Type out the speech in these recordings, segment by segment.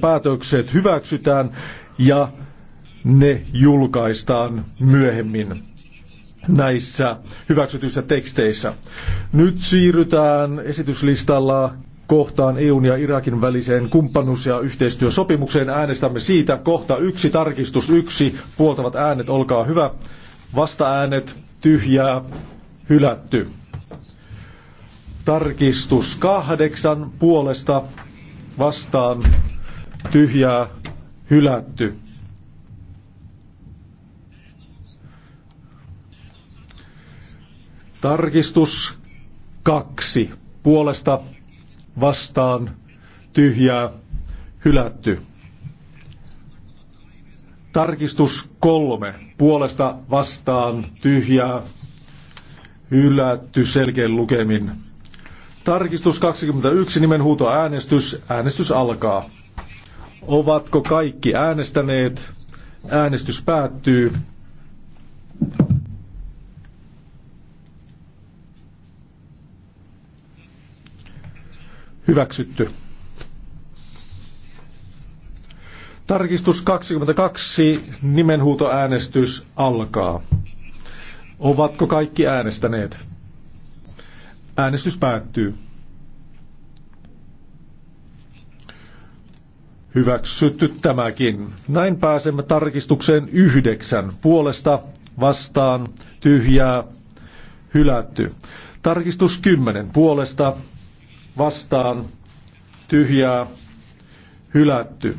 päätökset hyväksytään ja ne julkaistaan myöhemmin näissä hyväksytyissä teksteissä. Nyt siirrytään esityslistalla kohtaan EUn ja Irakin väliseen kumppanuus- ja yhteistyösopimukseen. Äänestämme siitä kohta yksi, tarkistus yksi, puoltavat äänet, olkaa hyvä. Vasta-äänet, tyhjää, hylätty. Tarkistus kahdeksan, puolesta, vastaan, tyhjää hylätty. Tarkistus kaksi. Puolesta vastaan tyhjää hylätty. Tarkistus kolme. Puolesta vastaan tyhjää hylätty selkein lukemin. Tarkistus 21 nimenhuuto äänestys. Äänestys alkaa. Ovatko kaikki äänestäneet? Äänestys päättyy. Hyväksytty. Tarkistus 22, nimenhuutoäänestys alkaa. Ovatko kaikki äänestäneet? Äänestys päättyy. Hyväksytty tämäkin. Näin pääsemme tarkistukseen yhdeksän. Puolesta, vastaan, tyhjää, hylätty. Tarkistus kymmenen. Puolesta, vastaan, tyhjää, hylätty.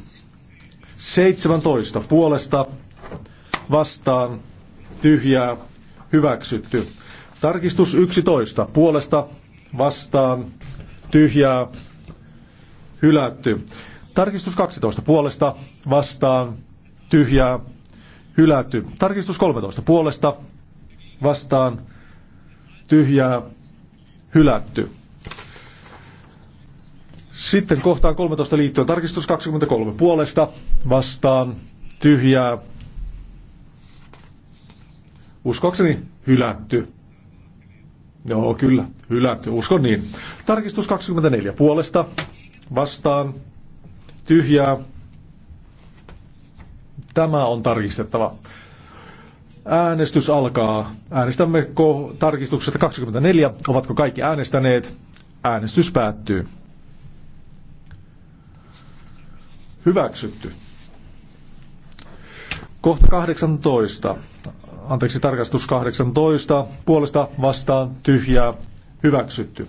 17. Puolesta, vastaan, tyhjää, hyväksytty. Tarkistus 11. Puolesta, vastaan, tyhjää, hylätty. Tarkistus 12 puolesta vastaan tyhjää hylätty. Tarkistus 13 puolesta vastaan tyhjää hylätty. Sitten kohtaan 13 liittyen tarkistus 23 puolesta vastaan tyhjää uskoakseni hylätty. Joo, kyllä, hylätty, uskon niin. Tarkistus 24 puolesta vastaan tyhjää. Tämä on tarkistettava. Äänestys alkaa. Äänestämme tarkistuksesta 24. Ovatko kaikki äänestäneet? Äänestys päättyy. Hyväksytty. Kohta 18. Anteeksi, tarkastus 18. Puolesta vastaan tyhjää. Hyväksytty.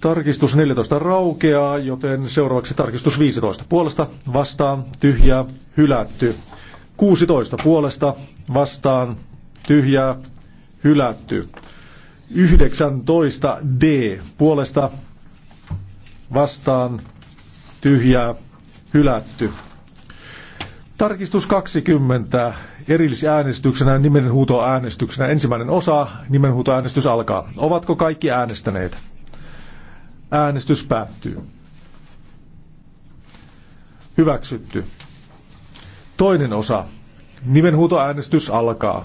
Tarkistus 14 raukeaa, joten seuraavaksi tarkistus 15. Puolesta vastaan tyhjää hylätty. 16 puolesta vastaan tyhjää hylätty. 19 D puolesta vastaan tyhjää hylätty. Tarkistus 20 erillisäänestyksenä nimenhuutoäänestyksenä. Ensimmäinen osa nimenhuutoäänestys alkaa. Ovatko kaikki äänestäneet? Äänestys päättyy. Hyväksytty. Toinen osa. Nimenhuutoäänestys alkaa.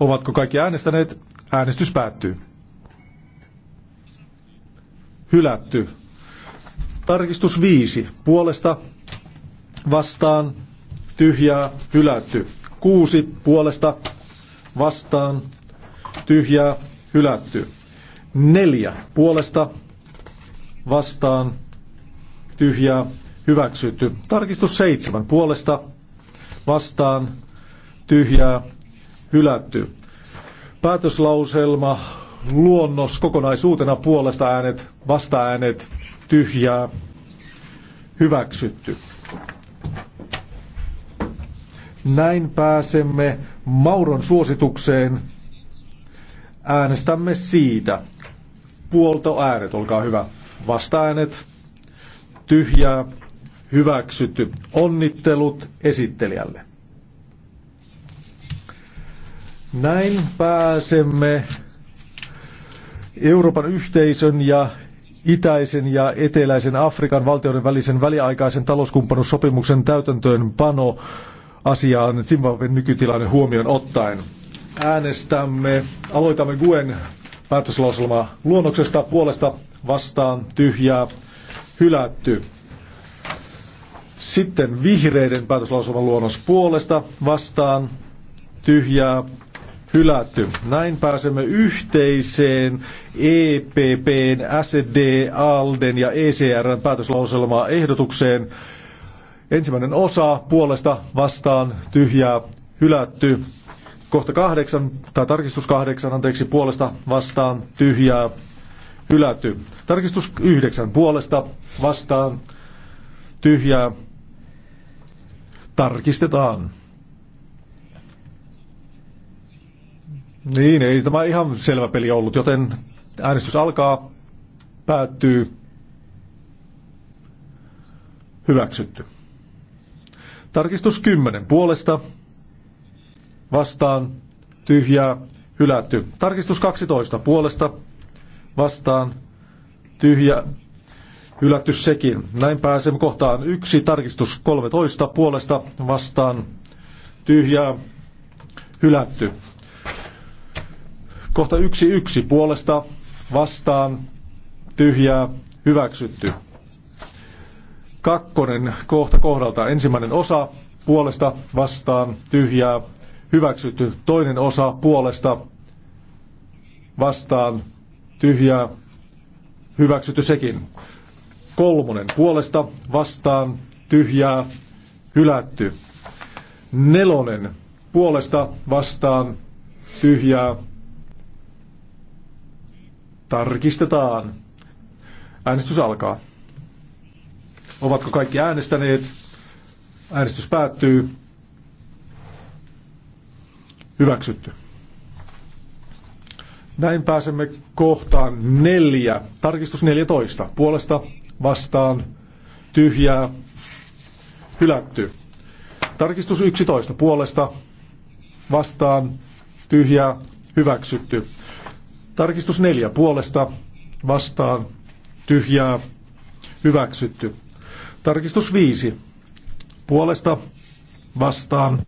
Ovatko kaikki äänestäneet? Äänestys päättyy. Hylätty. Tarkistus 5. Puolesta vastaan tyhjää hylätty. 6. Puolesta vastaan tyhjää, hylätty. Neljä puolesta vastaan tyhjää, hyväksytty. Tarkistus seitsemän puolesta vastaan tyhjää, hylätty. Päätöslauselma, luonnos kokonaisuutena puolesta äänet, vasta äänet, tyhjää, hyväksytty. Näin pääsemme Mauron suositukseen Äänestämme siitä. Puoltoäänet, olkaa hyvä. Vastaäänet, tyhjää, hyväksytty. Onnittelut esittelijälle. Näin pääsemme Euroopan yhteisön ja itäisen ja eteläisen Afrikan valtioiden välisen väliaikaisen talouskumppanuussopimuksen täytäntöönpano asiaan Zimbabwen nykytilanne huomioon ottaen äänestämme, aloitamme Guen päätöslauselma luonnoksesta puolesta vastaan tyhjää hylätty. Sitten vihreiden päätöslauselman luonnos puolesta vastaan tyhjää hylätty. Näin pääsemme yhteiseen EPPn, SD, ALDEn ja ECRn päätöslauselmaa ehdotukseen. Ensimmäinen osa puolesta vastaan tyhjää hylätty. Kohta kahdeksan, tai tarkistus kahdeksan, anteeksi, puolesta vastaan tyhjää hylätty. Tarkistus yhdeksän, puolesta vastaan tyhjää tarkistetaan. Niin, ei tämä ihan selvä peli ollut, joten äänestys alkaa, päättyy, hyväksytty. Tarkistus 10 puolesta, vastaan tyhjää hylätty. Tarkistus 12 puolesta vastaan tyhjä hylätty sekin. Näin pääsemme kohtaan yksi tarkistus 13 puolesta vastaan tyhjää hylätty. Kohta yksi yksi puolesta vastaan tyhjää hyväksytty. Kakkonen kohta kohdalta ensimmäinen osa puolesta vastaan tyhjää hyväksytty. Toinen osa puolesta vastaan tyhjää hyväksytty sekin. Kolmonen puolesta vastaan tyhjää hylätty. Nelonen puolesta vastaan tyhjää tarkistetaan. Äänestys alkaa. Ovatko kaikki äänestäneet? Äänestys päättyy. Hyväksytty. Näin pääsemme kohtaan neljä. Tarkistus 14. Puolesta vastaan tyhjää hylätty. Tarkistus 11. Puolesta vastaan tyhjää hyväksytty. Tarkistus 4. Puolesta vastaan tyhjää hyväksytty. Tarkistus 5. Puolesta vastaan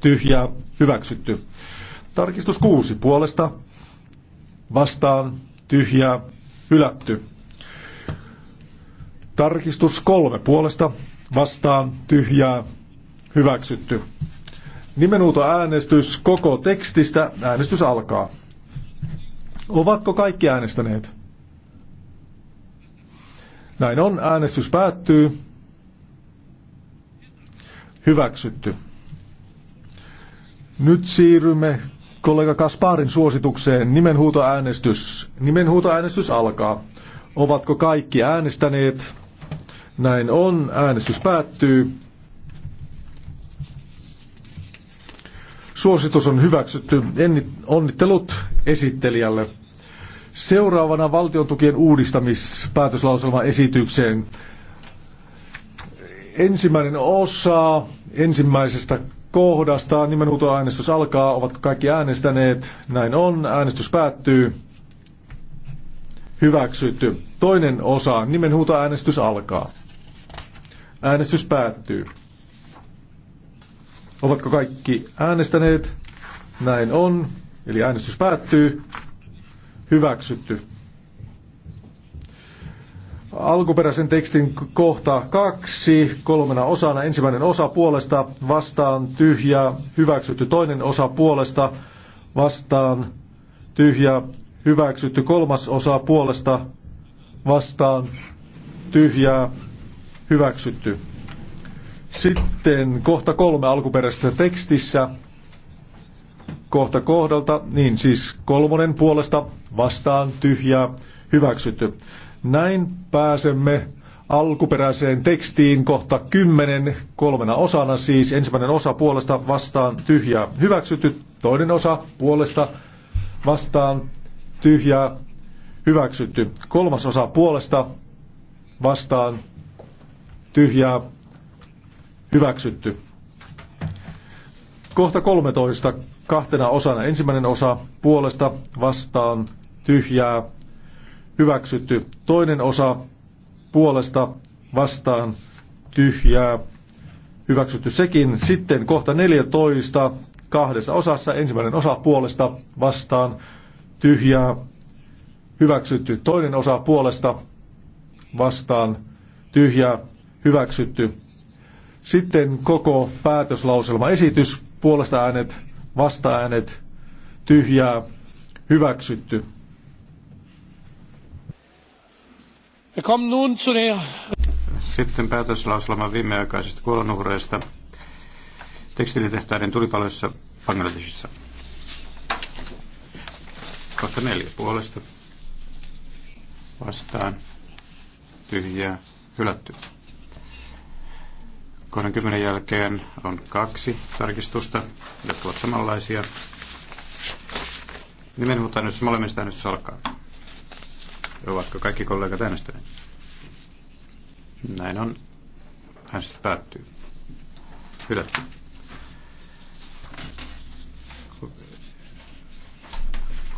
tyhjää hyväksytty. Tarkistus kuusi puolesta vastaan tyhjää hylätty. Tarkistus kolme puolesta vastaan tyhjää hyväksytty. Nimenuuto äänestys koko tekstistä. Äänestys alkaa. Ovatko kaikki äänestäneet? Näin on. Äänestys päättyy. Hyväksytty. Nyt siirrymme kollega Kasparin suositukseen. Nimenhuutoäänestys. Nimenhuutoäänestys alkaa. Ovatko kaikki äänestäneet? Näin on. Äänestys päättyy. Suositus on hyväksytty. Onnittelut esittelijälle. Seuraavana valtiontukien uudistamispäätöslauselman esitykseen. Ensimmäinen osa ensimmäisestä kohdasta. Nimenuuto äänestys alkaa. Ovatko kaikki äänestäneet? Näin on. Äänestys päättyy. Hyväksytty. Toinen osa. Nimenhuuta äänestys alkaa. Äänestys päättyy. Ovatko kaikki äänestäneet? Näin on. Eli äänestys päättyy. Hyväksytty. Alkuperäisen tekstin kohta kaksi, kolmena osana. Ensimmäinen osa puolesta, vastaan tyhjää, hyväksytty. Toinen osa puolesta, vastaan tyhjää, hyväksytty. Kolmas osa puolesta, vastaan tyhjää, hyväksytty. Sitten kohta kolme alkuperäisessä tekstissä kohta kohdalta, niin siis kolmonen puolesta vastaan tyhjää hyväksytty. Näin pääsemme alkuperäiseen tekstiin kohta 10 kolmena osana, siis ensimmäinen osa puolesta vastaan tyhjää hyväksytty, toinen osa puolesta vastaan tyhjää hyväksytty, kolmas osa puolesta vastaan tyhjää hyväksytty. Kohta 13 kahtena osana. Ensimmäinen osa puolesta vastaan tyhjää hyväksytty. Toinen osa puolesta vastaan tyhjää hyväksytty sekin. Sitten kohta 14 kahdessa osassa. Ensimmäinen osa puolesta vastaan tyhjää hyväksytty. Toinen osa puolesta vastaan tyhjää hyväksytty. Sitten koko päätöslauselma esitys, puolesta äänet, vasta äänet, tyhjää, hyväksytty. Sitten päätöslauselma viimeaikaisista kuolonuhreista tekstiilitehtaiden tulipaloissa Bangladesissa. Kohta neljä puolesta. Vastaan. Tyhjää. Hylätty. Kohdan kymmenen jälkeen on kaksi tarkistusta, jotka ovat samanlaisia. Nimenhuutainen, jos molemmista nyt salkaa. Ovatko kaikki kollegat äänestäneet? Näin on. Äänestys päättyy. Hyvä.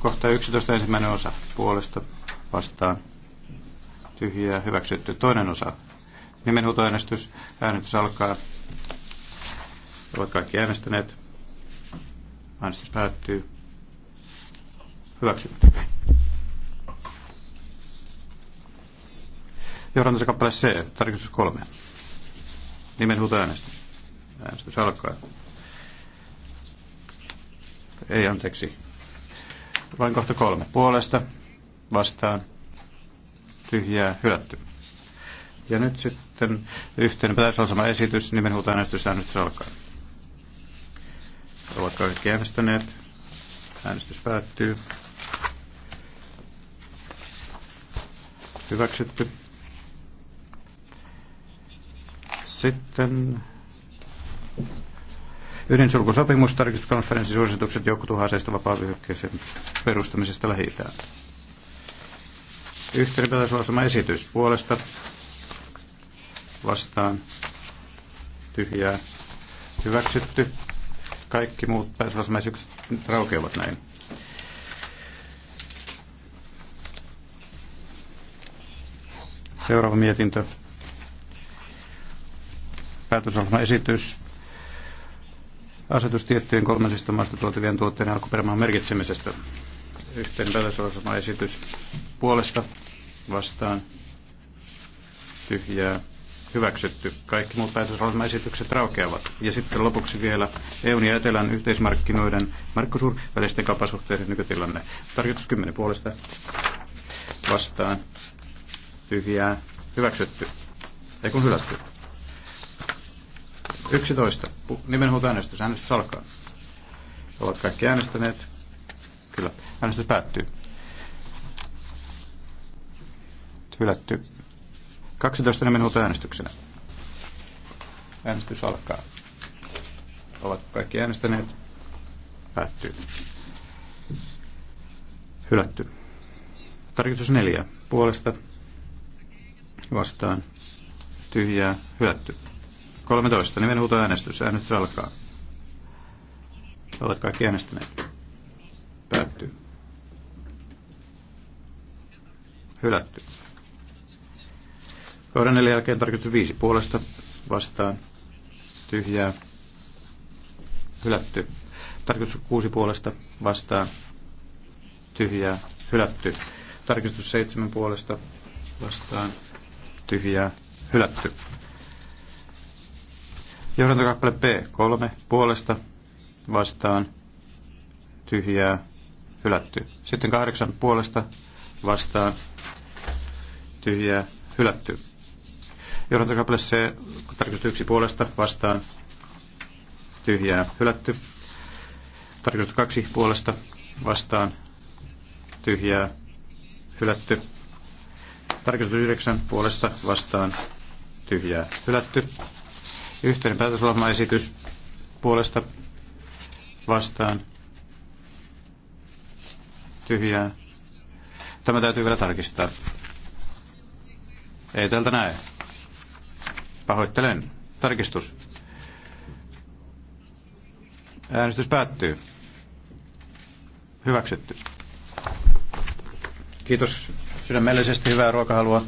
Kohta 11 ensimmäinen osa puolesta vastaan. Tyhjää hyväksytty. Toinen osa. Nimenhuutoäänestys. Äänestys alkaa. Ovat kaikki äänestäneet. Äänestys päättyy. Hyväksytty. Johdantonsa kappale C, tarkistus kolme. Nimenhuutoäänestys. Äänestys alkaa. Ei anteeksi. Vain kohta kolme. Puolesta, vastaan, tyhjää, hylätty. Ja nyt sitten yhteinen sama esitys, nimenhuutoäänestys, äänestys alkaa. Ovat kaikki äänestäneet. Äänestys päättyy. Hyväksytty. Sitten ydinsulkusopimus, tarkistuskonferenssin suositukset joukkotuhaseista vapaavyöhykkeisen perustamisesta lähi Yhteenpäätöslausuma esitys puolesta vastaan tyhjää hyväksytty. Kaikki muut päätöslausumaesitykset raukeavat näin. Seuraava mietintö esitys asetus tiettyjen kolmansista maista tuotavien tuotteiden alkuperämaan merkitsemisestä. päätösohjelman esitys puolesta vastaan tyhjää hyväksytty. Kaikki muut esitykset raukeavat. Ja sitten lopuksi vielä EUn ja Etelän yhteismarkkinoiden markkosuur välisten kapasuhteiden nykytilanne. Tarkoitus 10 puolesta vastaan tyhjää hyväksytty. Ei kun hylätty. 11. Nimenhuutoäänestys. Äänestys alkaa. Ovat kaikki äänestäneet. Kyllä. Äänestys päättyy. Hylätty. 12 nimenhuutoäänestyksenä. Äänestys alkaa. Ovat kaikki äänestäneet. Päättyy. Hylätty. Tarkistus neljä. Puolesta vastaan. Tyhjää. Hylätty. 13. Nimenhuutoäänestys. Äänestys alkaa. Olet kaikki äänestäneet. Päättyy. Hylätty. Kohdan neljä jälkeen tarkistus viisi puolesta vastaan. Tyhjää. Hylätty. Tarkistus kuusi puolesta vastaan. Tyhjää. Hylätty. Tarkistus seitsemän puolesta vastaan. Tyhjää. Hylätty. Johdantokappale P3 puolesta vastaan tyhjää hylätty. Sitten kahdeksan puolesta vastaan tyhjää hylätty. Johdantokappale C tarkistus yksi puolesta vastaan tyhjää hylätty. Tarkistus kaksi puolesta vastaan tyhjää hylätty. Tarkistus yhdeksän puolesta vastaan tyhjää hylätty. Yhteinen päätöslauselmaesitys puolesta vastaan tyhjää. Tämä täytyy vielä tarkistaa. Ei tältä näe. Pahoittelen. Tarkistus. Äänestys päättyy. Hyväksytty. Kiitos sydämellisesti. Hyvää ruokahalua.